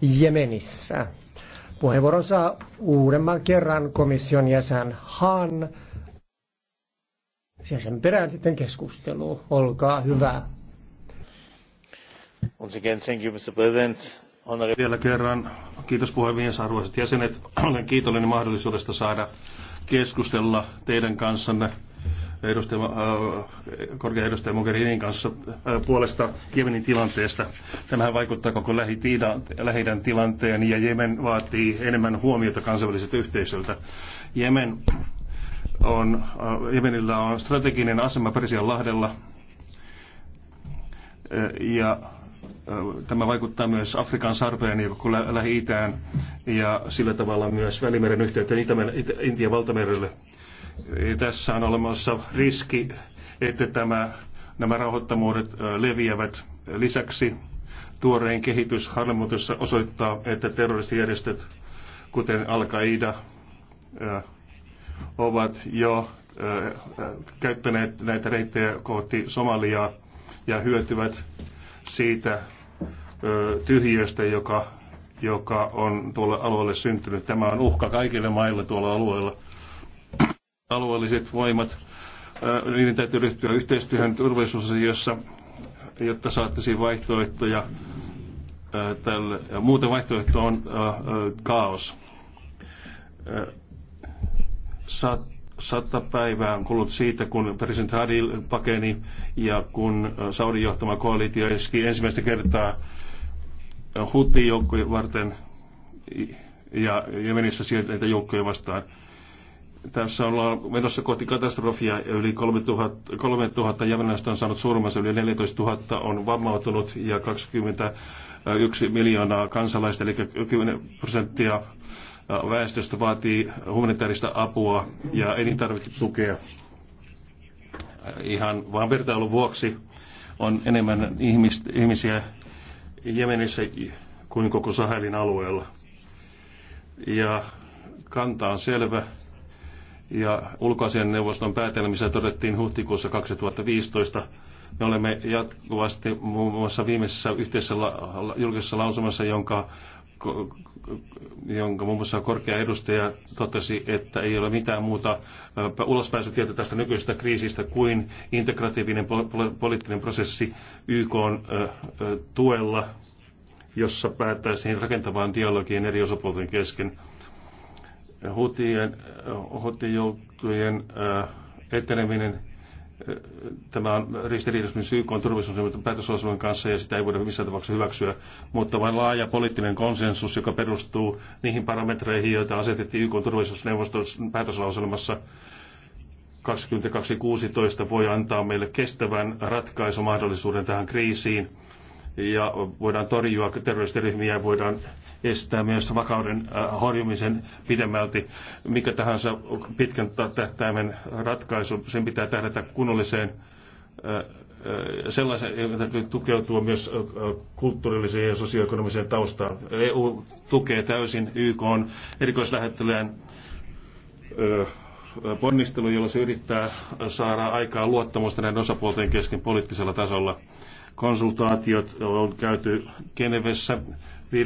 Jemenissä. Puheenvuoron saa uudemman kerran komission jäsen Han. Ja sen perään sitten keskustelu. Olkaa hyvä. Once again, thank you, Mr. President. Honorable... Vielä kerran kiitos puhemies, arvoisat jäsenet. Olen kiitollinen mahdollisuudesta saada keskustella teidän kanssanne edustaja, äh, korkean edustaja Mogherinin kanssa äh, puolesta Jemenin tilanteesta. Tämähän vaikuttaa koko lähi tilanteen ja Jemen vaatii enemmän huomiota kansainväliseltä yhteisöltä. Jemen on, äh, Jemenillä on strateginen asema Persian lahdella ja tämä vaikuttaa myös Afrikan sarpeen ja koko Lähi-Itään ja sillä tavalla myös Välimeren yhteyteen Intian valtamerelle. Tässä on olemassa riski, että tämä, nämä rauhoittamuudet leviävät. Lisäksi tuorein kehitys Harlemutissa osoittaa, että terroristijärjestöt, kuten Al-Qaida, ovat jo käyttäneet näitä reittejä kohti Somaliaa ja hyötyvät siitä tyhjiöstä, joka, joka on tuolla alueelle syntynyt. Tämä on uhka kaikille maille tuolla alueella alueelliset voimat, niiden täytyy ryhtyä yhteistyöhön turvallisuusasioissa, jotta saattaisiin vaihtoehtoja tälle. Muuten vaihtoehto on kaos. Sata päivää on kulunut siitä, kun presidentti Hadi pakeni ja kun Saudin johtama koalitio iski ensimmäistä kertaa hutti joukkojen varten ja Jemenissä sieltä näitä joukkoja vastaan tässä ollaan menossa kohti katastrofia. Yli 3000, 3000 jämenäistä on saanut surmansa, yli 14 000 on vammautunut ja 21 miljoonaa kansalaista, eli 10 prosenttia väestöstä vaatii humanitaarista apua ja elintarviketukea. Ihan vain vertailun vuoksi on enemmän ihmistä, ihmisiä Jemenissä kuin koko Sahelin alueella. Ja kanta on selvä ja ulkoasian neuvoston päätelmissä todettiin huhtikuussa 2015. Me olemme jatkuvasti muun muassa viimeisessä yhteisessä julkisessa lausumassa, jonka jonka muun muassa korkea edustaja totesi, että ei ole mitään muuta ulospääsytietä tästä nykyisestä kriisistä kuin integratiivinen poliittinen prosessi YK tuella, jossa päättäisiin rakentavaan dialogiin eri osapuolten kesken hutien, hutijoukkujen äh, eteneminen äh, tämä on ristiriidassa myös YK turvallisuusneuvoston kanssa ja sitä ei voida missään tapauksessa hyväksyä, mutta vain laaja poliittinen konsensus, joka perustuu niihin parametreihin, joita asetettiin YK turvallisuusneuvoston päätöslauselmassa 2016, voi antaa meille kestävän ratkaisumahdollisuuden tähän kriisiin ja voidaan torjua terroristiryhmiä ja voidaan estää myös vakauden äh, horjumisen pidemmälti. Mikä tahansa pitkän tähtäimen ratkaisu, sen pitää tähdätä kunnolliseen äh, äh, sellaisen, joka tukeutuu myös kulttuurilliseen ja sosioekonomiseen taustaan. EU tukee täysin YK on erikoislähettilään ponnistelu, jolla se yrittää saada aikaa luottamusta näiden osapuolten kesken poliittisella tasolla. Konsultaatiot on käyty Genevessä 15.20.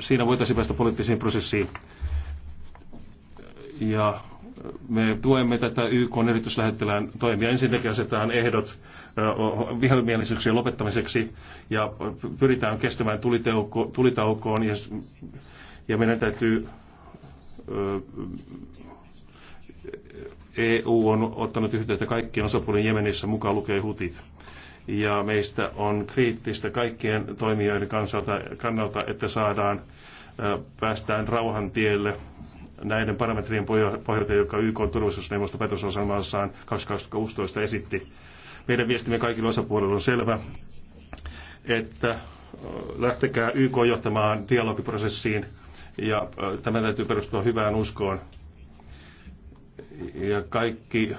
Siinä voitaisiin päästä poliittisiin prosessiin. Ja me tuemme tätä YK erityislähettilään toimia. Ensinnäkin asetetaan ehdot vihamielisyyksien lopettamiseksi ja pyritään kestämään tulitauko, tulitaukoon ja, ja meidän täytyy EU on ottanut yhteyttä kaikkien osapuolien Jemenissä mukaan lukee hutit ja meistä on kriittistä kaikkien toimijoiden kansalta, kannalta, että saadaan päästään rauhan tielle näiden parametrien pohjalta, joka YK turvallisuusneuvosto päätösosalmassaan 2016 esitti. Meidän viestimme kaikille osapuolille on selvä, että lähtekää YK johtamaan dialogiprosessiin ja tämä täytyy perustua hyvään uskoon ja kaikki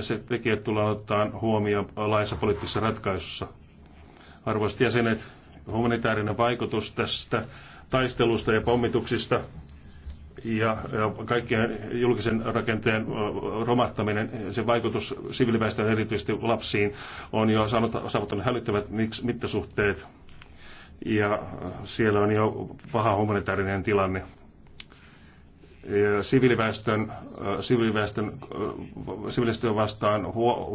se tekijät tullaan ottaa huomioon laissa poliittisessa ratkaisussa. Arvoisat jäsenet, humanitaarinen vaikutus tästä taistelusta ja pommituksista ja, ja kaikkien julkisen rakenteen romahtaminen, se vaikutus siviiliväestön erityisesti lapsiin on jo saavuttanut hälyttävät mittasuhteet ja siellä on jo paha humanitaarinen tilanne siviiliväestön, äh, siviiliväestön, äh, siviiliväestön vastaan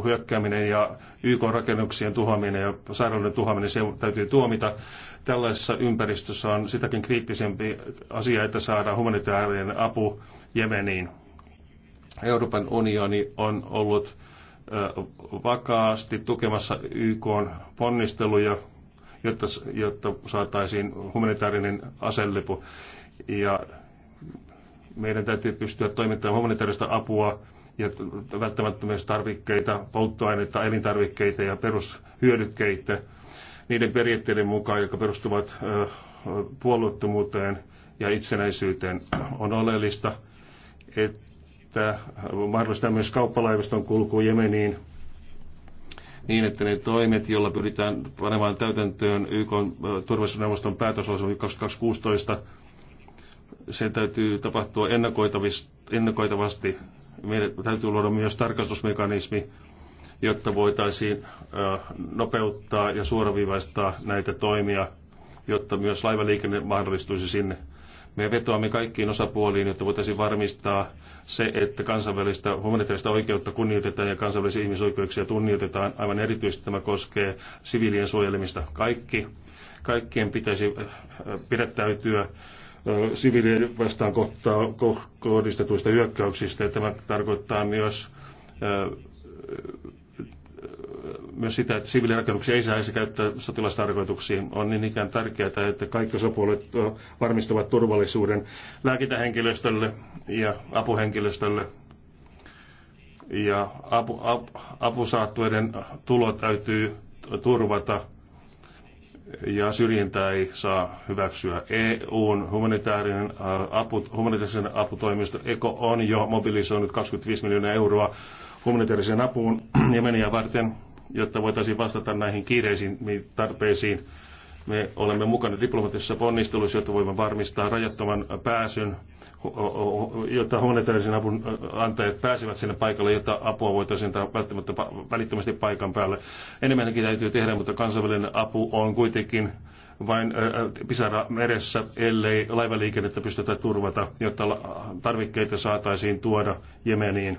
hyökkääminen ja YK-rakennuksien tuhoaminen ja sairauden tuhoaminen, se täytyy tuomita. Tällaisessa ympäristössä on sitäkin kriittisempi asia, että saadaan humanitaarinen apu Jemeniin. Euroopan unioni on ollut äh, vakaasti tukemassa YK ponnisteluja, jotta, jotta saataisiin humanitaarinen aselipu. Ja meidän täytyy pystyä toimittamaan humanitaarista apua ja tarvikkeita, polttoaineita, elintarvikkeita ja perushyödykkeitä niiden periaatteiden mukaan, jotka perustuvat puolueettomuuteen ja itsenäisyyteen. On oleellista, että mahdollistetaan myös kauppalaivaston kulku Jemeniin niin, että ne toimet, joilla pyritään panemaan täytäntöön YK turvallisuusneuvoston päätöslausuma 2016, sen täytyy tapahtua ennakoitavasti. Meidän täytyy luoda myös tarkastusmekanismi, jotta voitaisiin nopeuttaa ja suoraviivaistaa näitä toimia, jotta myös laivaliikenne mahdollistuisi sinne. Me vetoamme kaikkiin osapuoliin, jotta voitaisiin varmistaa se, että kansainvälistä humanitaarista oikeutta kunnioitetaan ja kansainvälisiä ihmisoikeuksia tunnioitetaan. Aivan erityisesti tämä koskee siviilien suojelemista. Kaikki, kaikkien pitäisi pidättäytyä siviilien vastaan kohtaa, kohdistetuista hyökkäyksistä. Ja tämä tarkoittaa myös, myös sitä, että siviilirakennuksia ei saisi käyttää sotilastarkoituksiin. On niin ikään tärkeää, että kaikki osapuolet varmistavat turvallisuuden lääkintähenkilöstölle ja apuhenkilöstölle ja apu, ap, apusaattueiden tulot täytyy turvata ja syrjintää ei saa hyväksyä. EUn humanitaarinen äh, apu, humanitaarisen aputoimisto ECO on jo mobilisoinut 25 miljoonaa euroa humanitaariseen apuun Jemeniä varten, jotta voitaisiin vastata näihin kiireisiin tarpeisiin. Me olemme mukana diplomatisessa ponnistelussa, jotta voimme varmistaa rajattoman pääsyn jotta humanitaarisen avun äh, antajat pääsevät sinne paikalle, jotta apua voitaisiin antaa välttämättä välittömästi paikan päälle. Enemmänkin täytyy tehdä, mutta kansainvälinen apu on kuitenkin vain äh, äh, pisara meressä, ellei laivaliikennettä pystytä turvata, jotta tarvikkeita saataisiin tuoda Jemeniin.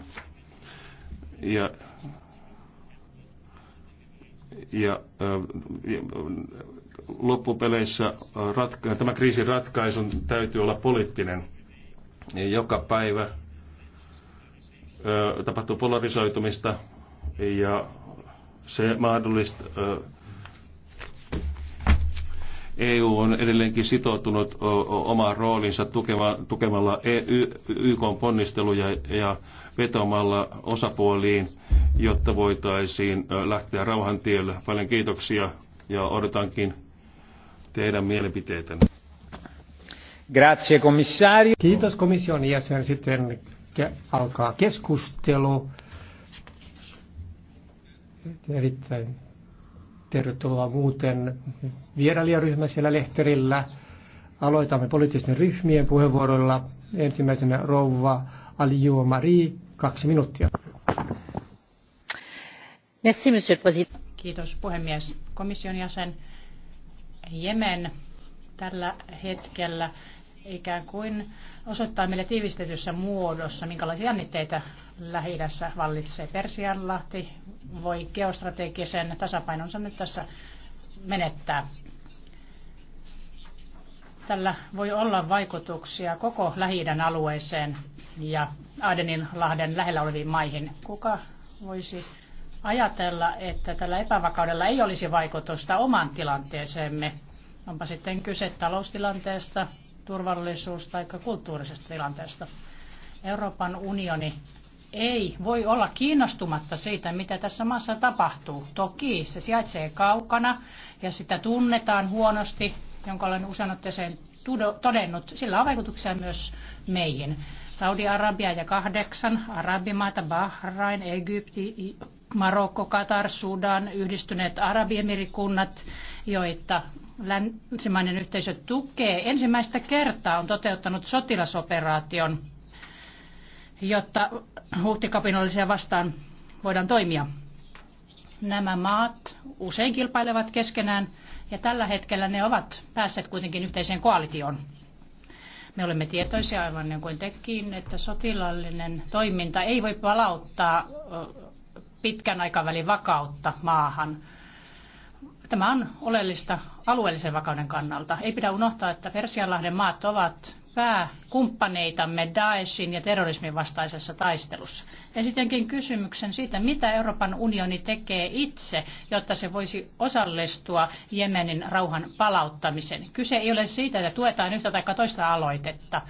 Ja ja, ja loppupeleissä ratka- tämän kriisin ratkaisun täytyy olla poliittinen. Joka päivä tapahtuu polarisoitumista ja se mahdollista, EU on edelleenkin sitoutunut omaan roolinsa tukemalla e, YK ponnisteluja ja vetomalla osapuoliin, jotta voitaisiin lähteä rauhantielle. Paljon kiitoksia ja odotankin teidän mielipiteitänne. Grazie, komissaari. Kiitos komission jäsen. Sitten alkaa keskustelu. Erittäin tervetuloa muuten vierailijaryhmä siellä lehterillä. Aloitamme poliittisten ryhmien puheenvuoroilla. Ensimmäisenä rouva Aliou Marie, kaksi minuuttia. Merci, monsieur le Kiitos puhemies. Komission jäsen Jemen tällä hetkellä ikään kuin osoittaa meille tiivistetyssä muodossa, minkälaisia jännitteitä lähi vallitsee. Persianlahti voi geostrategisen tasapainonsa nyt tässä menettää. Tällä voi olla vaikutuksia koko lähi alueeseen ja Adeninlahden lähellä oleviin maihin. Kuka voisi ajatella, että tällä epävakaudella ei olisi vaikutusta omaan tilanteeseemme Onpa sitten kyse taloustilanteesta, turvallisuus- tai kulttuurisesta tilanteesta. Euroopan unioni ei voi olla kiinnostumatta siitä, mitä tässä maassa tapahtuu. Toki se sijaitsee kaukana ja sitä tunnetaan huonosti, jonka olen usein otteeseen todennut. Sillä on vaikutuksia myös meihin. Saudi-Arabia ja kahdeksan arabimaata, Bahrain, Egypti, Marokko, Katar, Sudan, yhdistyneet arabiemirikunnat, joita länsimainen yhteisö tukee ensimmäistä kertaa on toteuttanut sotilasoperaation, jotta huhtikapinallisia vastaan voidaan toimia. Nämä maat usein kilpailevat keskenään ja tällä hetkellä ne ovat päässeet kuitenkin yhteiseen koalitioon. Me olemme tietoisia aivan niin kuin tekin, että sotilallinen toiminta ei voi palauttaa pitkän aikavälin vakautta maahan Tämä on oleellista alueellisen vakauden kannalta. Ei pidä unohtaa, että Persianlahden maat ovat pääkumppaneitamme Daeshin ja terrorismin vastaisessa taistelussa. Esitänkin kysymyksen siitä, mitä Euroopan unioni tekee itse, jotta se voisi osallistua Jemenin rauhan palauttamiseen. Kyse ei ole siitä, että tuetaan yhtä tai toista aloitetta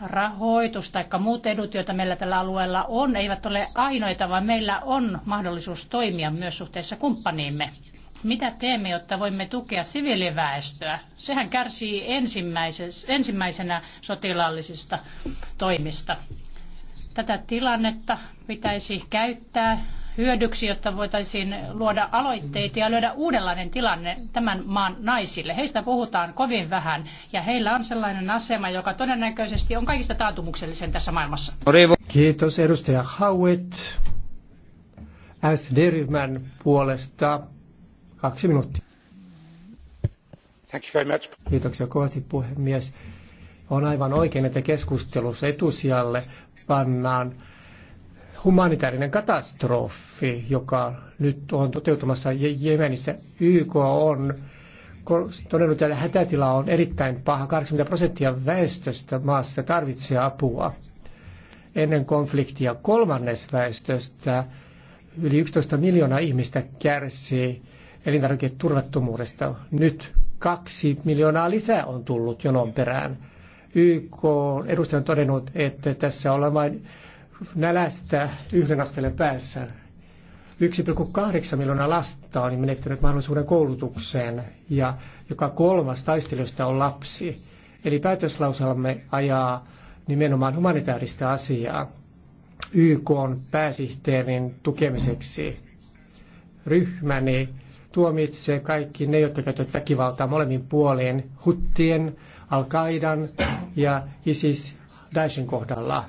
rahoitus tai muut edut, joita meillä tällä alueella on, eivät ole ainoita, vaan meillä on mahdollisuus toimia myös suhteessa kumppaniimme. Mitä teemme, jotta voimme tukea siviiliväestöä? Sehän kärsii ensimmäisenä sotilaallisista toimista. Tätä tilannetta pitäisi käyttää hyödyksi, jotta voitaisiin luoda aloitteita ja löydä uudenlainen tilanne tämän maan naisille. Heistä puhutaan kovin vähän ja heillä on sellainen asema, joka todennäköisesti on kaikista taantumuksellisen tässä maailmassa. Kiitos edustaja Hauet. SD-ryhmän puolesta kaksi minuuttia. Thank you very much. Kiitoksia kovasti puhemies. On aivan oikein, että keskustelussa etusijalle pannaan humanitaarinen katastrofi, joka nyt on toteutumassa Jemenissä. YK on todennut, että hätätila on erittäin paha. 80 prosenttia väestöstä maassa tarvitsee apua. Ennen konfliktia kolmannes väestöstä yli 11 miljoonaa ihmistä kärsii elintarviketurvattomuudesta. Nyt kaksi miljoonaa lisää on tullut jonon perään. YK edustaja on todennut, että tässä ollaan vain nälästä yhden askeleen päässä. 1,8 miljoonaa lasta on menettänyt mahdollisuuden koulutukseen ja joka kolmas taistelijoista on lapsi. Eli päätöslauselmamme ajaa nimenomaan humanitaarista asiaa YK on pääsihteerin tukemiseksi. Ryhmäni tuomitsee kaikki ne, jotka käyttävät väkivaltaa molemmin puolin, huttien, al-Qaidan ja ISIS Daeshin kohdalla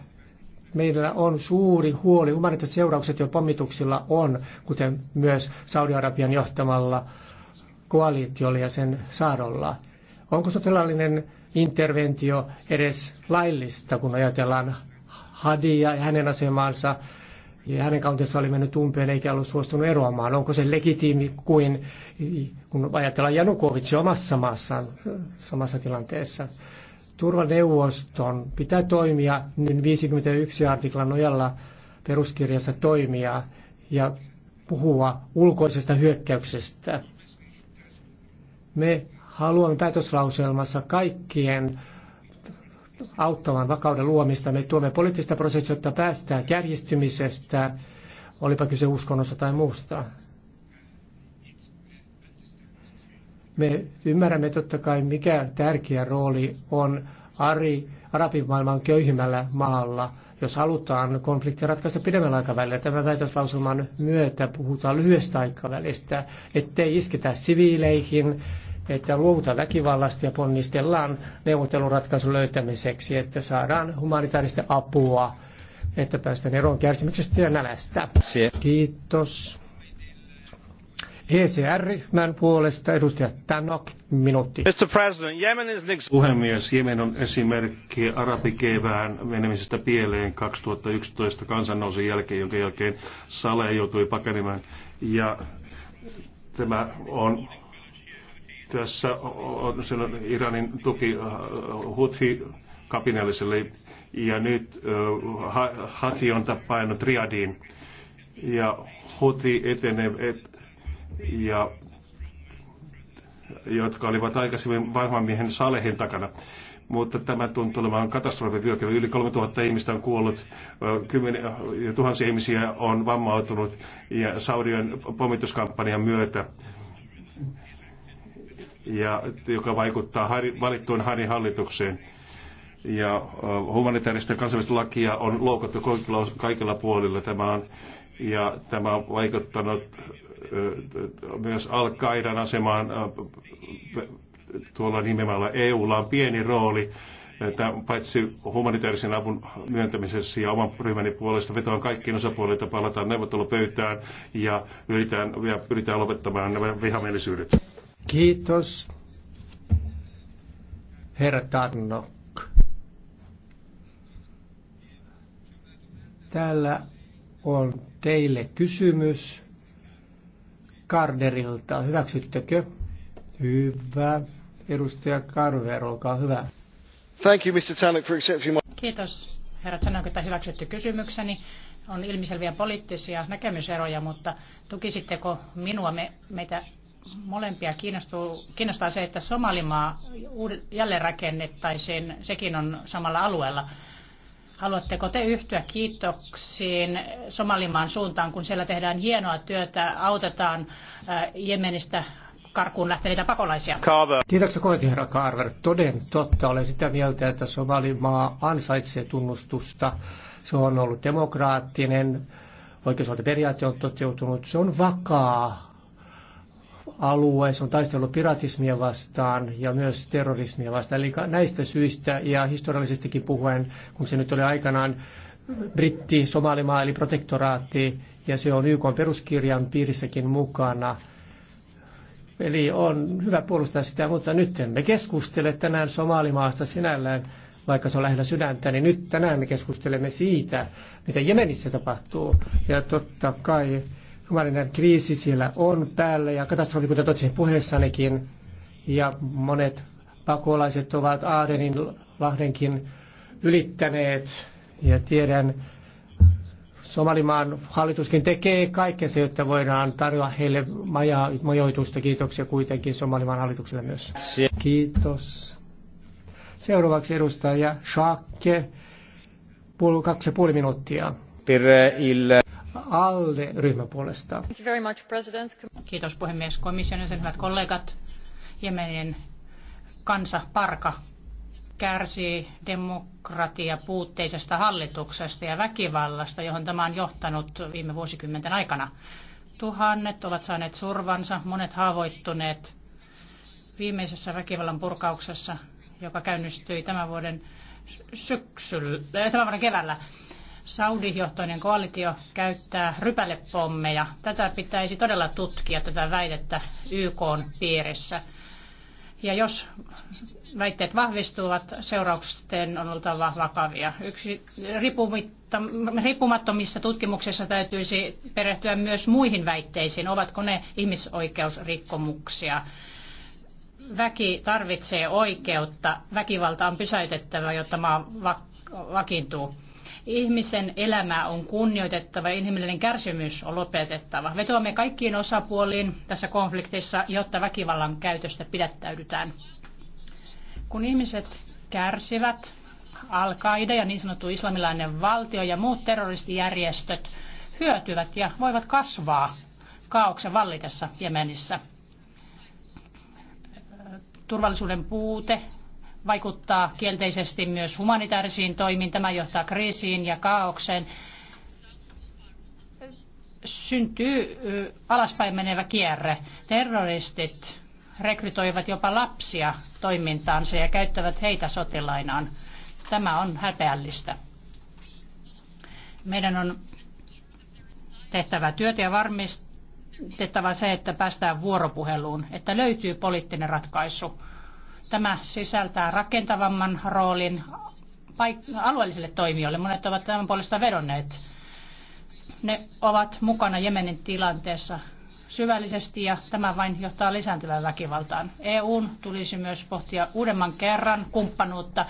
meillä on suuri huoli. Humanitaariset seuraukset, jo pommituksilla on, kuten myös Saudi-Arabian johtamalla koalitiolla ja sen saadolla. Onko sotilaallinen interventio edes laillista, kun ajatellaan Hadia ja hänen asemansa ja hänen kautensa oli mennyt umpeen eikä ollut suostunut eroamaan. Onko se legitiimi kuin, kun ajatellaan Janukovic omassa maassaan samassa tilanteessa? turvaneuvoston pitää toimia niin 51 artiklan nojalla peruskirjassa toimia ja puhua ulkoisesta hyökkäyksestä. Me haluamme päätöslauselmassa kaikkien auttavan vakauden luomista. Me tuomme poliittista prosessia, jotta päästään kärjistymisestä, olipa kyse uskonnosta tai muusta. Me ymmärrämme totta kai, mikä tärkeä rooli on Ari, arabimaailman köyhimmällä maalla, jos halutaan konfliktia ratkaista pidemmällä aikavälillä. Tämän väitöslauselman myötä puhutaan lyhyestä aikavälistä, ettei isketä siviileihin, että luovuta väkivallasta ja ponnistellaan neuvotteluratkaisun löytämiseksi, että saadaan humanitaarista apua, että päästään eroon kärsimyksestä ja nälästä. Kiitos. ECR-ryhmän puolesta edustaja Tanok, minuutti. Mr. President, Yemen is next... Puhemies, Jemen on esimerkki arabikevään menemisestä pieleen 2011 kansannousun jälkeen, jonka jälkeen Saleh joutui pakenemaan. Ja tämä on tässä on Iranin tuki Huthi äh, kapinalliselle ja nyt äh, Hati on tappainut Riadiin ja Huthi etenee et, ja jotka olivat aikaisemmin vanhan miehen Salehin takana. Mutta tämä tuntuu olevan katastrofivyökyllä. Yli 3000 ihmistä on kuollut, kymmeniä, tuhansia ihmisiä on vammautunut ja Saudian pommituskampanjan myötä, ja, joka vaikuttaa hari, valittuun Harin hallitukseen. Ja humanitaarista kansainvälistä lakia on loukattu kaikilla, kaikilla puolilla. Tämä on ja tämä on vaikuttanut myös Al-Qaidan asemaan tuolla nimellä. EUlla on pieni rooli paitsi humanitaarisen avun myöntämisessä ja oman ryhmäni puolesta vetoan kaikkiin osapuolille, että palataan neuvottelupöytään ja yritetään, ja yritetään lopettamaan nämä vihamielisyydet. Kiitos. Herra Tarnok. Täällä on teille kysymys Karderilta. Hyväksyttekö? Hyvä. Edustaja Karver, olkaa hyvä. Thank you, Mr. Tannock, for accepting my... Kiitos, herra Tannock, että hyväksytty kysymykseni. On ilmiselviä poliittisia näkemyseroja, mutta tukisitteko minua, me, meitä molempia kiinnostuu, kiinnostaa se, että Somalimaa jälleen rakennettaisiin, sekin on samalla alueella. Haluatteko te yhtyä kiitoksiin Somalimaan suuntaan, kun siellä tehdään hienoa työtä, autetaan äh, Jemenistä karkuun lähteneitä pakolaisia? Carver. Kiitoksia kovasti, herra Carver. Toden totta, olen sitä mieltä, että Somalimaa ansaitsee tunnustusta. Se on ollut demokraattinen, oikeusvaltioperiaate on toteutunut, se on vakaa alue, se on taistellut piratismia vastaan ja myös terrorismia vastaan. Eli näistä syistä ja historiallisestikin puhuen, kun se nyt oli aikanaan britti, somalimaa eli protektoraatti, ja se on YK peruskirjan piirissäkin mukana. Eli on hyvä puolustaa sitä, mutta nyt emme keskustele tänään Somalimaasta sinällään, vaikka se on lähellä sydäntä, niin nyt tänään me keskustelemme siitä, mitä Jemenissä tapahtuu. Ja totta kai humanitaarinen kriisi siellä on päällä ja katastrofi, kuten totesin puheessanikin, ja monet pakolaiset ovat Aadenin lahdenkin ylittäneet ja tiedän, Somalimaan hallituskin tekee se, jotta voidaan tarjota heille maja, majoitusta. Kiitoksia kuitenkin Somalimaan hallitukselle myös. Kiitos. Seuraavaksi edustaja Shakke, kaksi ja puoli minuuttia. Tere ALDE-ryhmän puolesta. Kiitos puhemies komission ja sen hyvät kollegat. Jemenin kansa parka kärsii demokratia puutteisesta hallituksesta ja väkivallasta, johon tämä on johtanut viime vuosikymmenten aikana. Tuhannet ovat saaneet survansa, monet haavoittuneet. Viimeisessä väkivallan purkauksessa, joka käynnistyi tämän vuoden syksyllä, äh, tämän vuoden keväällä, Saudi-johtoinen koalitio käyttää rypälepommeja. Tätä pitäisi todella tutkia, tätä väitettä YK piirissä. Ja jos väitteet vahvistuvat, seurausten on oltava vakavia. Yksi riippumattomissa tutkimuksissa täytyisi perehtyä myös muihin väitteisiin, ovatko ne ihmisoikeusrikkomuksia. Väki tarvitsee oikeutta, väkivalta on pysäytettävä, jotta maa vakiintuu. Ihmisen elämää on kunnioitettava, inhimillinen kärsimys on lopetettava. Vetoamme kaikkiin osapuoliin tässä konfliktissa, jotta väkivallan käytöstä pidättäydytään. Kun ihmiset kärsivät, Al-Qaida ja niin sanottu islamilainen valtio ja muut terroristijärjestöt hyötyvät ja voivat kasvaa kaauksen vallitessa Jemenissä. Turvallisuuden puute, vaikuttaa kielteisesti myös humanitaarisiin toimiin. Tämä johtaa kriisiin ja kaaukseen. Syntyy alaspäin menevä kierre. Terroristit rekrytoivat jopa lapsia toimintaansa ja käyttävät heitä sotilainaan. Tämä on häpeällistä. Meidän on tehtävä työtä ja varmistettava se, että päästään vuoropuheluun, että löytyy poliittinen ratkaisu. Tämä sisältää rakentavamman roolin alueellisille toimijoille. Monet ovat tämän puolesta vedonneet. Ne ovat mukana Jemenin tilanteessa syvällisesti ja tämä vain johtaa lisääntyvään väkivaltaan. EUn tulisi myös pohtia uudemman kerran kumppanuutta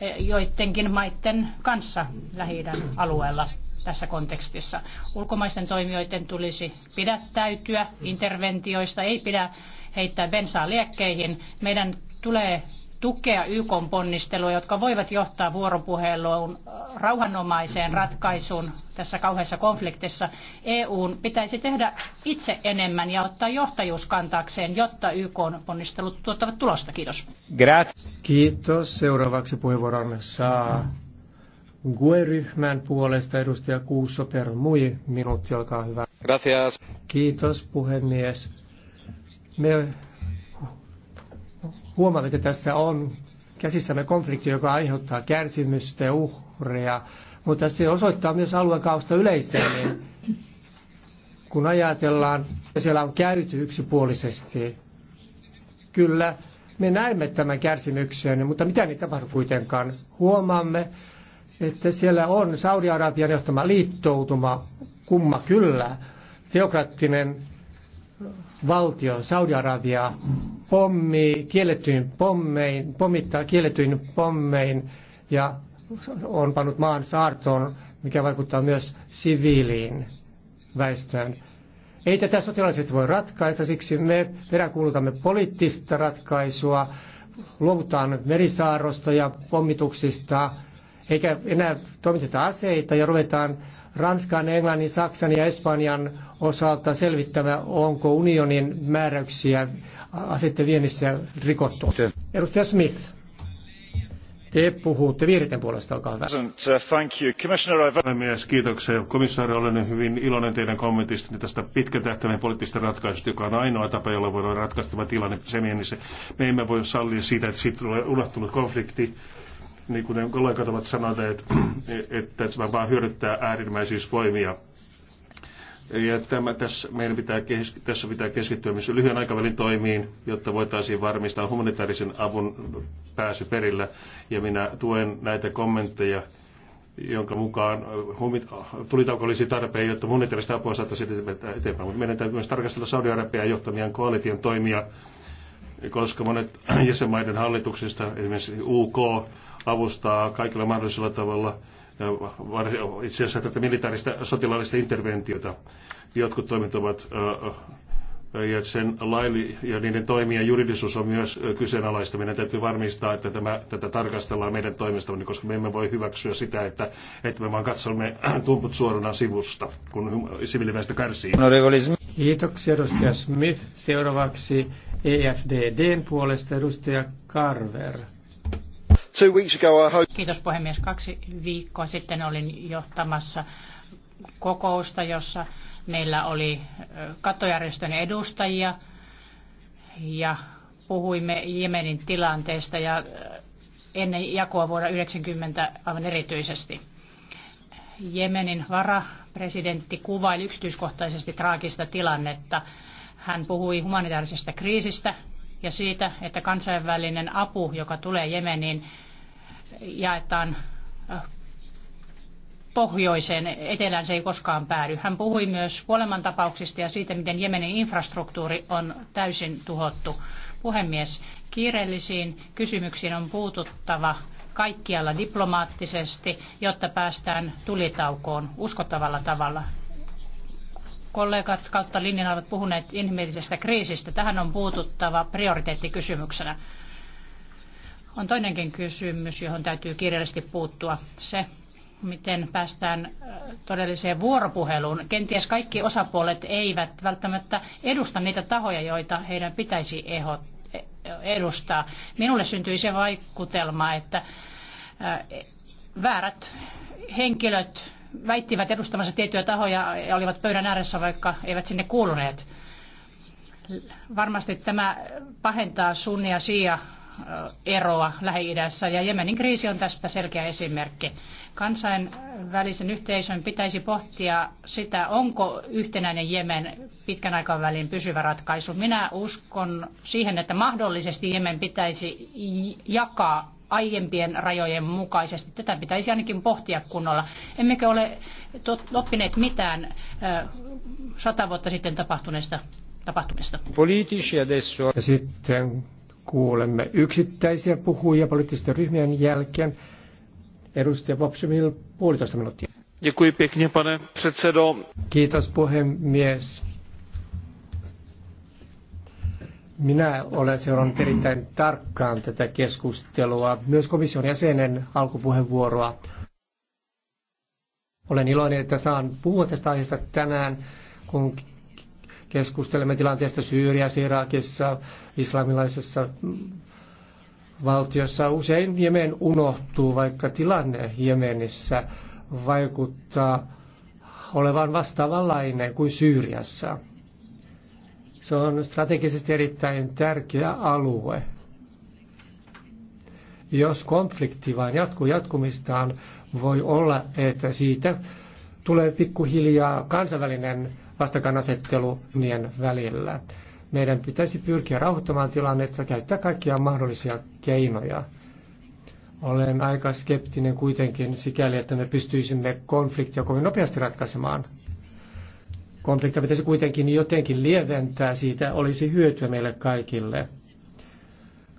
e, joidenkin maiden kanssa lähi alueella tässä kontekstissa. Ulkomaisten toimijoiden tulisi pidättäytyä interventioista, ei pidä heittää bensaa liekkeihin. Meidän tulee tukea YK ponnisteluja, jotka voivat johtaa vuoropuheluun äh, rauhanomaiseen ratkaisuun tässä kauheassa konfliktissa. EUn pitäisi tehdä itse enemmän ja ottaa johtajuus kantaakseen, jotta YK ponnistelut tuottavat tulosta. Kiitos. Grazie. Kiitos. Seuraavaksi puheenvuoron saa GUE-ryhmän puolesta edustaja Kuusso per mui. Minuutti, olkaa hyvä. Gracias. Kiitos puhemies. Me Huomaamme, että tässä on käsissämme konflikti, joka aiheuttaa kärsimystä ja uhreja, mutta se osoittaa myös alueen kausta niin kun ajatellaan, että siellä on käyty yksipuolisesti. Kyllä, me näemme tämän kärsimyksen, mutta mitä niitä tapahtuu kuitenkaan? Huomaamme, että siellä on Saudi-Arabian johtama liittoutuma, kumma kyllä, teokraattinen valtio, Saudi-Arabia, pommi, kiellettyin pommein, pommittaa kiellettyin pommein ja on pannut maan saartoon, mikä vaikuttaa myös siviiliin väestöön. Ei tätä sotilaallisesti voi ratkaista, siksi me peräkuulutamme poliittista ratkaisua, luovutaan merisaarosta ja pommituksista, eikä enää toimiteta aseita ja ruvetaan Ranskan, Englannin, Saksan ja Espanjan osalta selvittämä onko unionin määräyksiä viennissä rikottu. Edustaja Smith. Te puhutte viiriten puolesta, olkaa hyvä. Uh, thank you. Commissioner, Mies, kiitoksia. Komissaari, olen hyvin iloinen teidän kommentistanne tästä pitkän tähtäimen poliittisesta ratkaisusta, joka on ainoa tapa, jolla voidaan ratkaista tämä tilanne Semienissä. Me emme voi sallia siitä, että siitä tulee unohtunut konflikti niin kuten kollegat ovat sanoneet, että tämä vaan hyödyttää äärimmäisyysvoimia. Ja tämä, tässä, meidän pitää, tässä pitää keskittyä myös lyhyen aikavälin toimiin, jotta voitaisiin varmistaa humanitaarisen avun pääsy perillä. Ja minä tuen näitä kommentteja, jonka mukaan tulitauko olisi tarpeen, jotta humanitaarista apua saataisiin eteenpäin. Mutta meidän täytyy myös tarkastella Saudi-Arabiaa johtamien koalition toimia, koska monet jäsenmaiden hallituksista, esimerkiksi UK, avustaa kaikilla mahdollisilla tavalla itse asiassa tätä militaarista sotilaallista interventiota. Jotkut toimet ovat ja sen laili ja niiden toimien juridisuus on myös kyseenalaista. Meidän täytyy varmistaa, että tämä, tätä tarkastellaan meidän toimestamme, koska me emme voi hyväksyä sitä, että, että me vaan katsomme tumput suorana sivusta, kun siviiliväestö kärsii. Kiitoksia edustaja Smith. Seuraavaksi EFDDn puolesta edustaja Carver. Two weeks ago I Kiitos puhemies. Kaksi viikkoa sitten olin johtamassa kokousta, jossa meillä oli kattojärjestön edustajia ja puhuimme Jemenin tilanteesta ja ennen jakoa vuonna 90 aivan erityisesti. Jemenin varapresidentti kuvaili yksityiskohtaisesti traagista tilannetta. Hän puhui humanitaarisesta kriisistä ja siitä, että kansainvälinen apu, joka tulee Jemeniin, jaetaan äh, pohjoiseen, etelään se ei koskaan päädy. Hän puhui myös kuolemantapauksista ja siitä, miten Jemenin infrastruktuuri on täysin tuhottu. Puhemies, kiireellisiin kysymyksiin on puututtava kaikkialla diplomaattisesti, jotta päästään tulitaukoon uskottavalla tavalla. Kollegat kautta linjan ovat puhuneet inhimillisestä kriisistä. Tähän on puututtava prioriteettikysymyksenä on toinenkin kysymys, johon täytyy kirjallisesti puuttua. Se, miten päästään todelliseen vuoropuheluun. Kenties kaikki osapuolet eivät välttämättä edusta niitä tahoja, joita heidän pitäisi e, edustaa. Minulle syntyi se vaikutelma, että e, väärät henkilöt väittivät edustamansa tiettyjä tahoja ja olivat pöydän ääressä, vaikka eivät sinne kuuluneet. Varmasti tämä pahentaa sunnia ja eroa Lähi-idässä ja Jemenin kriisi on tästä selkeä esimerkki. Kansainvälisen yhteisön pitäisi pohtia sitä, onko yhtenäinen Jemen pitkän aikavälin pysyvä ratkaisu. Minä uskon siihen, että mahdollisesti Jemen pitäisi jakaa aiempien rajojen mukaisesti. Tätä pitäisi ainakin pohtia kunnolla. Emmekö ole oppineet mitään sata vuotta sitten tapahtuneesta tapahtumista? Poliittisia adesso. Ja sitten kuulemme yksittäisiä puhujia poliittisten ryhmien jälkeen. Edustaja Popsimil, puolitoista minuuttia. Děkuji pěkně, pane předsedo. Kiitos puhemies. Minä olen seurannut erittäin tarkkaan tätä keskustelua, myös komission jäsenen alkupuheenvuoroa. Olen iloinen, että saan puhua tästä aiheesta tänään, kun Keskustelemme tilanteesta Syyriassa, Irakissa, islamilaisessa valtiossa. Usein Jemen unohtuu, vaikka tilanne Jemenissä vaikuttaa olevan vastaavanlainen kuin Syyriassa. Se on strategisesti erittäin tärkeä alue. Jos konflikti vain jatkuu jatkumistaan, voi olla, että siitä tulee pikkuhiljaa kansainvälinen vastakkainasettelunien välillä. Meidän pitäisi pyrkiä rauhoittamaan tilannetta, käyttää kaikkia mahdollisia keinoja. Olen aika skeptinen kuitenkin sikäli, että me pystyisimme konfliktia kovin nopeasti ratkaisemaan. Konflikta pitäisi kuitenkin jotenkin lieventää, siitä olisi hyötyä meille kaikille.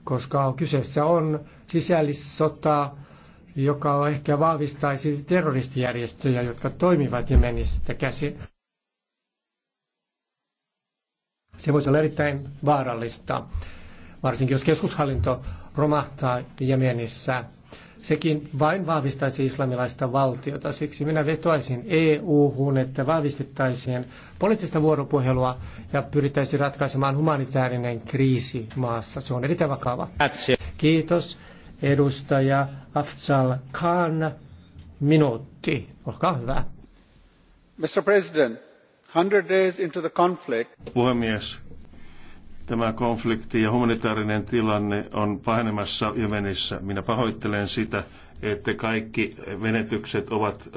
Koska kyseessä on sisällissota, joka ehkä vahvistaisi terroristijärjestöjä, jotka toimivat Jemenistä käsin. Se voisi olla erittäin vaarallista, varsinkin jos keskushallinto romahtaa Jemenissä. Sekin vain vahvistaisi islamilaista valtiota. Siksi minä vetoaisin EU-hun, että vahvistettaisiin poliittista vuoropuhelua ja pyrittäisiin ratkaisemaan humanitaarinen kriisi maassa. Se on erittäin vakava. Kiitos edustaja Afzal Khan. Minuutti. Olkaa hyvä. Mr. President, Days Puhemies, tämä konflikti ja humanitaarinen tilanne on pahenemassa Jemenissä. Minä pahoittelen sitä, että kaikki menetykset ovat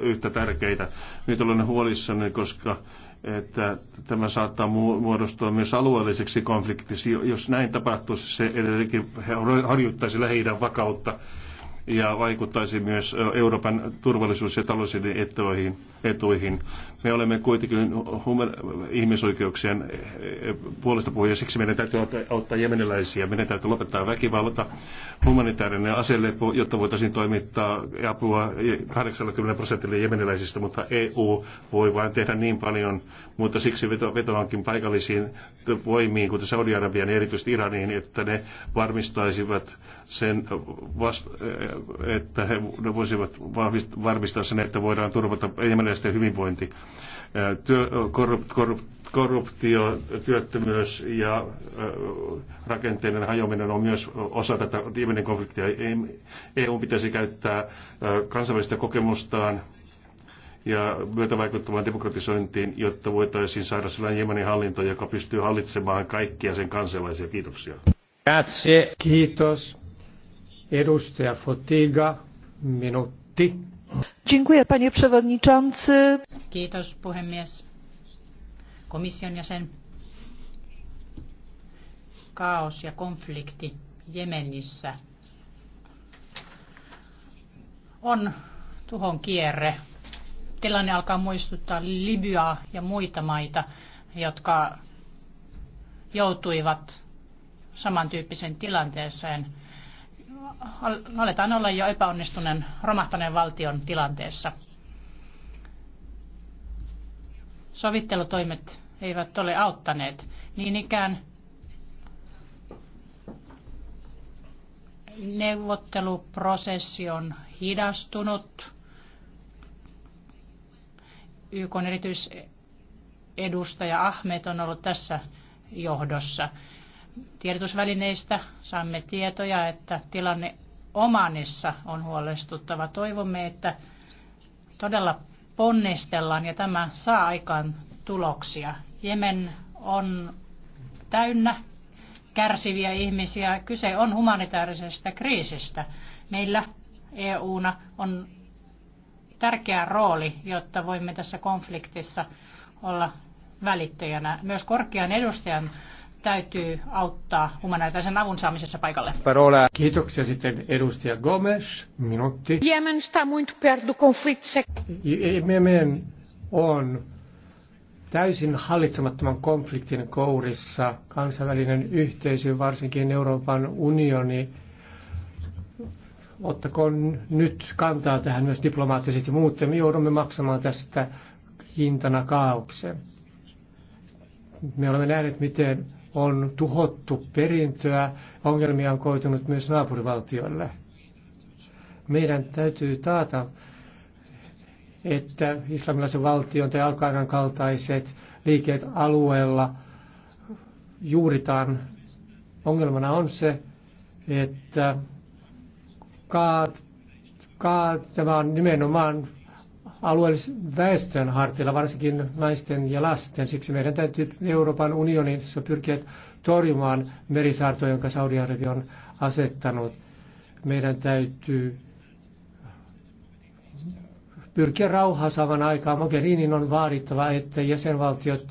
yhtä tärkeitä. Nyt olen huolissani, koska että tämä saattaa muodostua myös alueelliseksi konfliktiksi. Jos näin tapahtuisi, se edelleenkin horjuttaisi lähi vakautta ja vaikuttaisi myös Euroopan turvallisuus- ja taloudellisiin etuihin. Me olemme kuitenkin ihmisoikeuksien eh, puolesta puhuja, siksi meidän täytyy auttaa jemeniläisiä. Meidän täytyy lopettaa väkivalta, humanitaarinen aselepo, jotta voitaisiin toimittaa apua 80 prosentille jemeniläisistä, mutta EU voi vain tehdä niin paljon, mutta siksi vetoankin paikallisiin voimiin, kuten Saudi-Arabian ja erityisesti Iraniin, että ne varmistaisivat sen, eh, eh, että he voisivat varmistaa sen, että voidaan turvata jemeniläisten hyvinvointi työ, korruptio, työttömyys ja rakenteellinen hajoaminen on myös osa tätä viimeinen konfliktia. EU pitäisi käyttää kansainvälistä kokemustaan ja myötävaikuttamaan demokratisointiin, jotta voitaisiin saada sellainen Jemenin hallinto, joka pystyy hallitsemaan kaikkia sen kansalaisia. Kiitoksia. Grazie. Kiitos. Edustaja Fotiga, minuutti panie przewodniczący. Kiitos, puhemies. Komission jäsen. Kaos ja konflikti Jemenissä on tuhon kierre. Tilanne alkaa muistuttaa Libyaa ja muita maita, jotka joutuivat samantyyppiseen tilanteeseen – aletaan olla jo epäonnistuneen romahtaneen valtion tilanteessa. Sovittelutoimet eivät ole auttaneet. Niin ikään neuvotteluprosessi on hidastunut. YK erityisedustaja Ahmed on ollut tässä johdossa tiedotusvälineistä saamme tietoja, että tilanne Omanissa on huolestuttava. Toivomme, että todella ponnistellaan ja tämä saa aikaan tuloksia. Jemen on täynnä kärsiviä ihmisiä. Kyse on humanitaarisesta kriisistä. Meillä EUna on tärkeä rooli, jotta voimme tässä konfliktissa olla välittäjänä. Myös korkean edustajan täytyy auttaa humanitaarisen avun saamisessa paikalle. Parola. Kiitoksia sitten edustaja Gomes. Minuutti. Jemen está muito perto do Jemen on täysin hallitsemattoman konfliktin kourissa. Kansainvälinen yhteisö, varsinkin Euroopan unioni, ottakoon nyt kantaa tähän myös diplomaattisesti. Muuten me joudumme maksamaan tästä hintana kaauksen. Me olemme nähneet, miten on tuhottu perintöä, ongelmia on koitunut myös naapurivaltioille. Meidän täytyy taata, että islamilaisen valtion tai alkaidan kaltaiset liikkeet alueella juuritaan. Ongelmana on se, että kaat, kaat, tämä on nimenomaan alueellisen väestön hartilla, varsinkin naisten ja lasten. Siksi meidän täytyy Euroopan unionissa pyrkiä torjumaan merisaartoja, jonka Saudi-Arabia on asettanut. Meidän täytyy pyrkiä rauhaa saman aikaan. Mogherinin on vaadittava, että jäsenvaltiot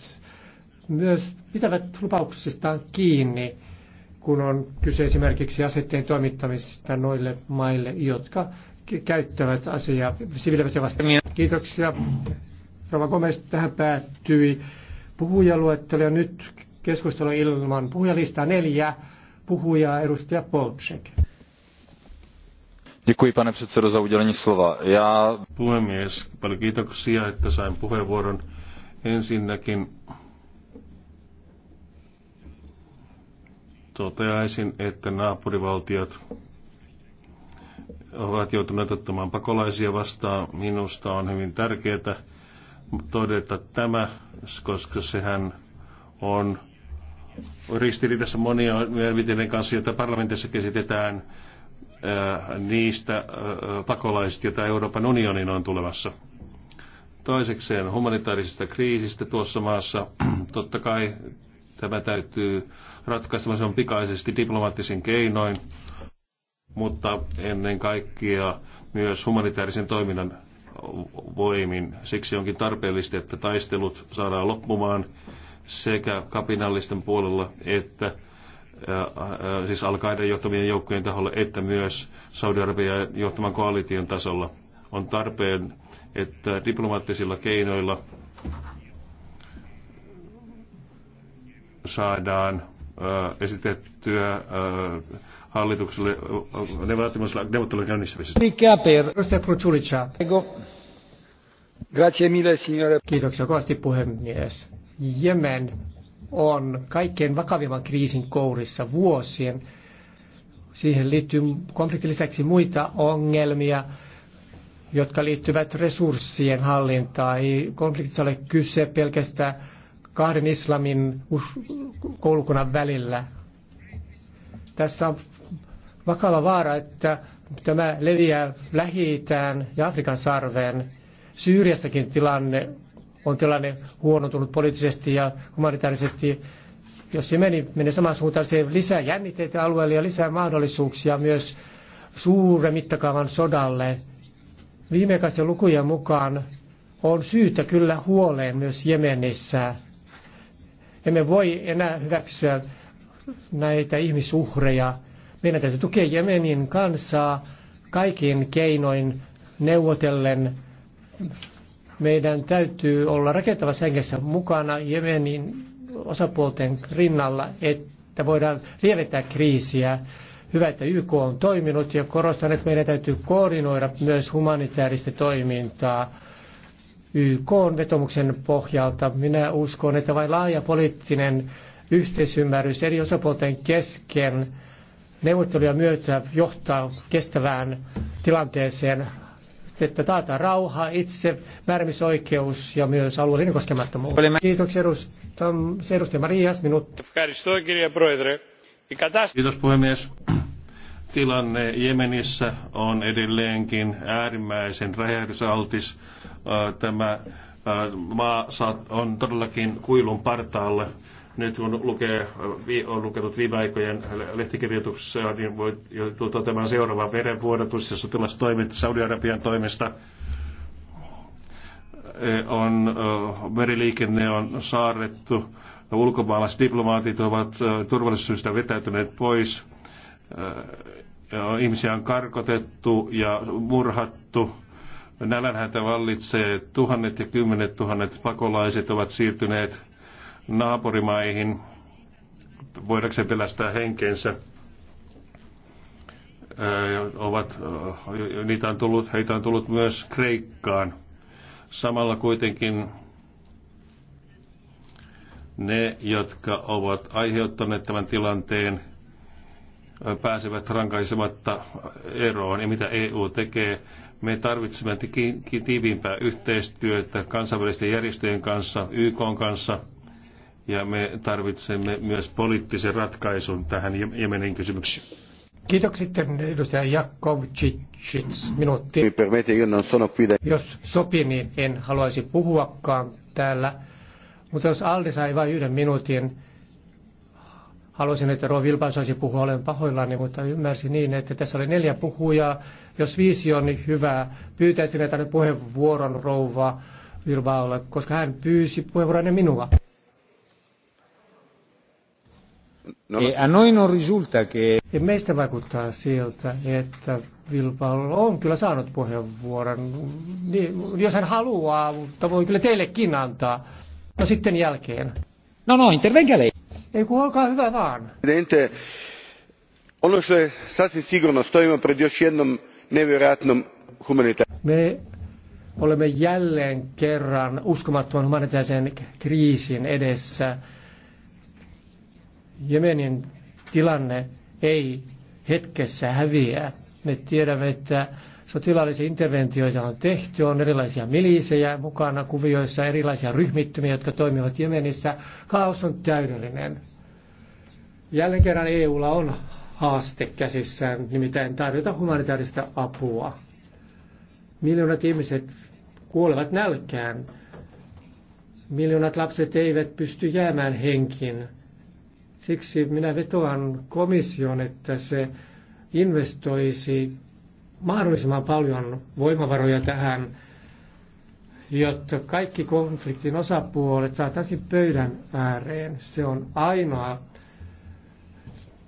myös pitävät lupauksistaan kiinni, kun on kyse esimerkiksi asetteen toimittamisesta noille maille, jotka käyttävät asiaa siviiliväestöä vastaan. Kiitoksia. Rova Gomez tähän päättyi puhujaluettelu on nyt keskustelu ilman puhujalistaa neljä. Puhuja edustaja Polček. Děkuji, pane předsedo, za udělení slova. Já... Puhemies, paljon kiitoksia, että sain puheenvuoron. Ensinnäkin toteaisin, että naapurivaltiot ovat joutuneet ottamaan pakolaisia vastaan. Minusta on hyvin tärkeää todeta tämä, koska sehän on ristiriidassa monia mielipiteiden kanssa, joita parlamentissa käsitetään äh, niistä äh, pakolaisista, joita Euroopan unionin on tulemassa. Toisekseen humanitaarisesta kriisistä tuossa maassa. Totta kai tämä täytyy ratkaista on pikaisesti diplomaattisin keinoin mutta ennen kaikkea myös humanitaarisen toiminnan voimin. Siksi onkin tarpeellista, että taistelut saadaan loppumaan sekä kapinallisten puolella että äh, äh, siis alkaiden johtamien joukkojen taholla, että myös Saudi-Arabian johtaman koalition tasolla on tarpeen, että diplomaattisilla keinoilla saadaan esitettyä hallitukselle neuvottelujen käynnistämisestä. Siis. Grazie mille, signore. Kiitoksia kovasti puhemies. Jemen on kaikkein vakavimman kriisin kourissa vuosien. Siihen liittyy konfliktin lisäksi muita ongelmia, jotka liittyvät resurssien hallintaan. Ei konfliktissa ole kyse pelkästään kahden islamin koulukunnan välillä. Tässä on vakava vaara, että tämä leviää lähi ja Afrikan sarveen. Syyriassakin tilanne on tilanne huonontunut poliittisesti ja humanitaarisesti. Jos se meni, meni samaan suuntaan, se lisää jännitteitä alueelle ja lisää mahdollisuuksia myös suuren mittakaavan sodalle. Viimeaikaisten lukujen mukaan on syytä kyllä huoleen myös Jemenissä. Emme voi enää hyväksyä näitä ihmisuhreja. Meidän täytyy tukea Jemenin kansaa kaikin keinoin neuvotellen. Meidän täytyy olla rakentavassa hengessä mukana Jemenin osapuolten rinnalla, että voidaan lievittää kriisiä. Hyvä, että YK on toiminut ja korostan, että meidän täytyy koordinoida myös humanitaarista toimintaa YK on vetomuksen pohjalta. Minä uskon, että vain laaja poliittinen yhteisymmärrys eri osapuolten kesken neuvotteluja myötä johtaa kestävään tilanteeseen, että taataan rauha, itse määrämisoikeus ja myös alueellinen koskemattomuus. Kiitoksia edustaja Marias, minuutti. Kiitos puhemies Tilanne Jemenissä on edelleenkin äärimmäisen räjähdysaltis. Tämä maa on todellakin kuilun partaalle. Nyt kun lukee, on lukenut viime aikojen lehtikirjoituksessa, niin voi tuota tämän seuraavan verenvuodatus ja sotilastoiminta Saudi-Arabian toimesta on, meriliikenne on saarrettu, ulkomaalaiset diplomaatit ovat turvallisuussyistä vetäytyneet pois ihmisiä on karkotettu ja murhattu. Nälänhätä vallitsee. Tuhannet ja kymmenet tuhannet pakolaiset ovat siirtyneet naapurimaihin se pelastaa henkensä. ovat, niitä on tullut, heitä on tullut myös Kreikkaan. Samalla kuitenkin ne, jotka ovat aiheuttaneet tämän tilanteen, pääsevät rankaisematta eroon ja mitä EU tekee. Me tarvitsemme tiiviimpää yhteistyötä kansainvälisten järjestöjen kanssa, YK kanssa ja me tarvitsemme myös poliittisen ratkaisun tähän Jemenin kysymykseen. Kiitokset edustaja Jakovčičits minuutti. Jos sopii, niin en haluaisi puhuakaan täällä, mutta jos Aldi sai vain yhden minuutin, Haluaisin, että Rova Vilpa saisi puhua, olen pahoillani, mutta ymmärsin niin, että tässä oli neljä puhujaa. Jos viisi on, niin hyvä. Pyytäisin, että nyt puheenvuoron rouva Vilbaalle, koska hän pyysi puheenvuoron minua. No, e a noi risulta Ja meistä vaikuttaa siltä, että Vilpalo on kyllä saanut puheenvuoron, niin, jos hän haluaa, mutta voi kyllä teillekin antaa. No sitten jälkeen. No no, intervenga lei. Ei kun olkaa hyvä vaan. Presidente, ono što je sasvim sigurno, stojimo pred još jednom nevjerojatnom humanitaarisen. Me olemme jälleen kerran uskomattoman humanitaarisen kriisin edessä. Jemenin tilanne ei hetkessä häviä. Me tiedämme, että Sotilaallisia interventioita on tehty, on erilaisia milisejä mukana kuvioissa, erilaisia ryhmittymiä, jotka toimivat Jemenissä. Kaos on täydellinen. Jälleen kerran EUlla on haaste käsissään, nimittäin tarjota humanitaarista apua. Miljoonat ihmiset kuolevat nälkään. Miljoonat lapset eivät pysty jäämään henkin. Siksi minä vetoan komission, että se investoisi mahdollisimman paljon voimavaroja tähän, jotta kaikki konfliktin osapuolet saataisiin pöydän ääreen. Se on ainoa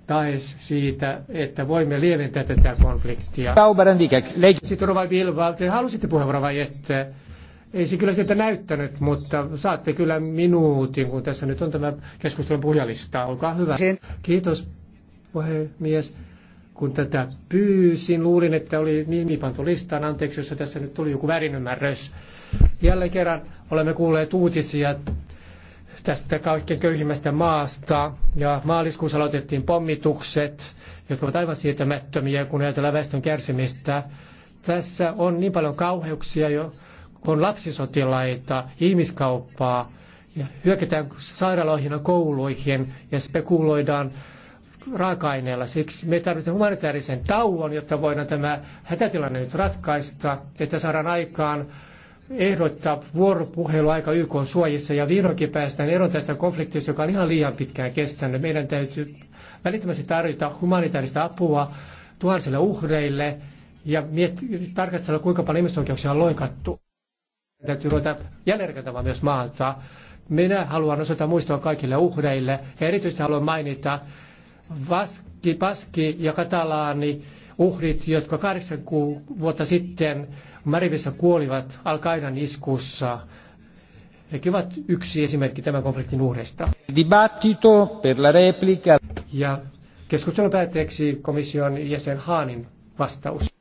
taes siitä, että voimme lieventää tätä konfliktia. te halusitte puheenvuoron vai ette? Ei se kyllä sieltä näyttänyt, mutta saatte kyllä minuutin, kun tässä nyt on tämä keskustelun puhujalista. Olkaa hyvä. Kiitos puhemies kun tätä pyysin, luulin, että oli nimi niin pantu listaan. Anteeksi, jos tässä nyt tuli joku värinymmärrys. Jälleen kerran olemme kuulleet uutisia tästä kaikkein köyhimmästä maasta. Ja maaliskuussa aloitettiin pommitukset, jotka ovat aivan sietämättömiä, kun ajatellaan väestön kärsimistä. Tässä on niin paljon kauheuksia jo, on lapsisotilaita, ihmiskauppaa, ja hyökätään sairaaloihin ja kouluihin ja spekuloidaan raaka aineella Siksi me tarvitsemme humanitaarisen tauon, jotta voidaan tämä hätätilanne nyt ratkaista, että saadaan aikaan ehdottaa vuoropuhelu aika YK suojissa ja vihdoinkin päästään eroon tästä konfliktista, joka on ihan liian pitkään kestänyt. Meidän täytyy välittömästi tarjota humanitaarista apua tuhansille uhreille ja tarkastella, kuinka paljon ihmisoikeuksia on loikattu. Täytyy ruveta jälleenrakentamaan myös maalta. Minä haluan osoittaa muistoa kaikille uhreille ja erityisesti haluan mainita vaski, paski ja katalaani uhrit, jotka kahdeksan vuotta sitten Marivissa kuolivat al iskussa. Hekin ovat yksi esimerkki tämän konfliktin uhreista. Dibattito per la replica. Ja keskustelun päätteeksi komission jäsen Haanin vastaus.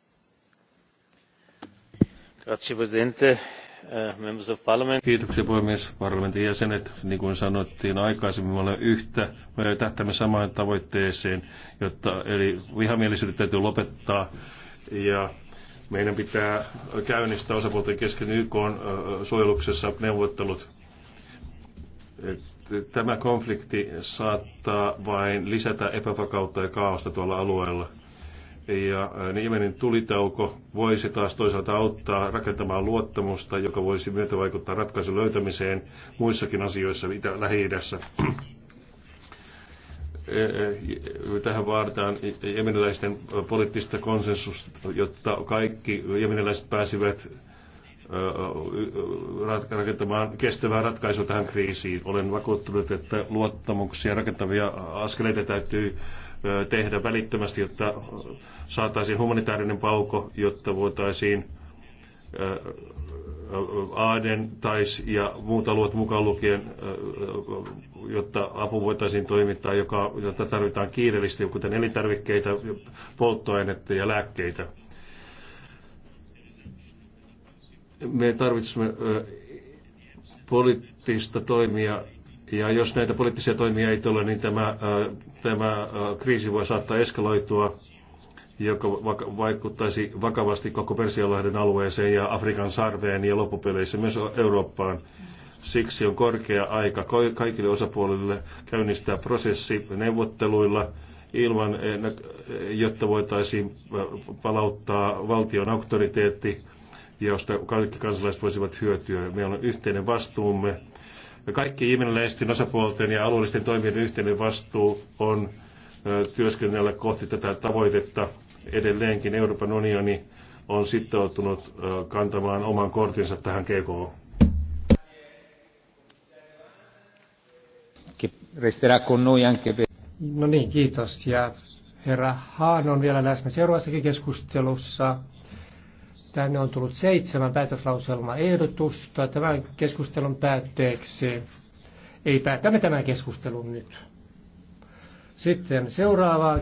Grazie, Presidente. Uh, members Kiitoksia puhemies parlamentin jäsenet. Niin kuin sanottiin aikaisemmin, me olemme yhtä, me tähtäämme samaan tavoitteeseen, jotta, eli vihamielisyydet täytyy lopettaa ja meidän pitää käynnistää osapuolten kesken YK suojeluksessa neuvottelut. Tämä konflikti saattaa vain lisätä epävakautta ja kaaosta tuolla alueella ja niin Jemenin tulitauko voisi taas toisaalta auttaa rakentamaan luottamusta, joka voisi myötä vaikuttaa ratkaisun löytämiseen muissakin asioissa mitä Lähi-idässä. Tähän vaaditaan jemeniläisten poliittista konsensusta, jotta kaikki jemeniläiset pääsivät rakentamaan kestävää ratkaisua tähän kriisiin. Olen vakuuttunut, että luottamuksia rakentavia askeleita täytyy tehdä välittömästi, jotta saataisiin humanitaarinen pauko, jotta voitaisiin Aaden, Tais ja muut alueet mukaan lukien, jotta apu voitaisiin toimittaa, joka, jota tarvitaan kiireellisesti, kuten elintarvikkeita, polttoainetta ja lääkkeitä. Me tarvitsemme poliittista toimia ja jos näitä poliittisia toimia ei tule, niin tämä, tämä kriisi voi saattaa eskaloitua, joka vaikuttaisi vakavasti koko Persianlahden alueeseen ja Afrikan sarveen ja loppupeleissä myös Eurooppaan. Siksi on korkea aika kaikille osapuolille käynnistää prosessi neuvotteluilla ilman, e, jotta voitaisiin palauttaa valtion auktoriteetti, josta kaikki kansalaiset voisivat hyötyä. Meillä on yhteinen vastuumme kaikki ihminen osapuolten ja alueellisten toimien yhteinen vastuu on työskennellä kohti tätä tavoitetta. Edelleenkin Euroopan unioni on sitoutunut kantamaan oman kortinsa tähän GKO. No niin, kiitos. Ja herra Haan on vielä läsnä seuraavassakin keskustelussa. Tänne on tullut seitsemän päätöslauselmaehdotusta tämän keskustelun päätteeksi. Ei päätämme tämän keskustelun nyt. Sitten seuraavaa.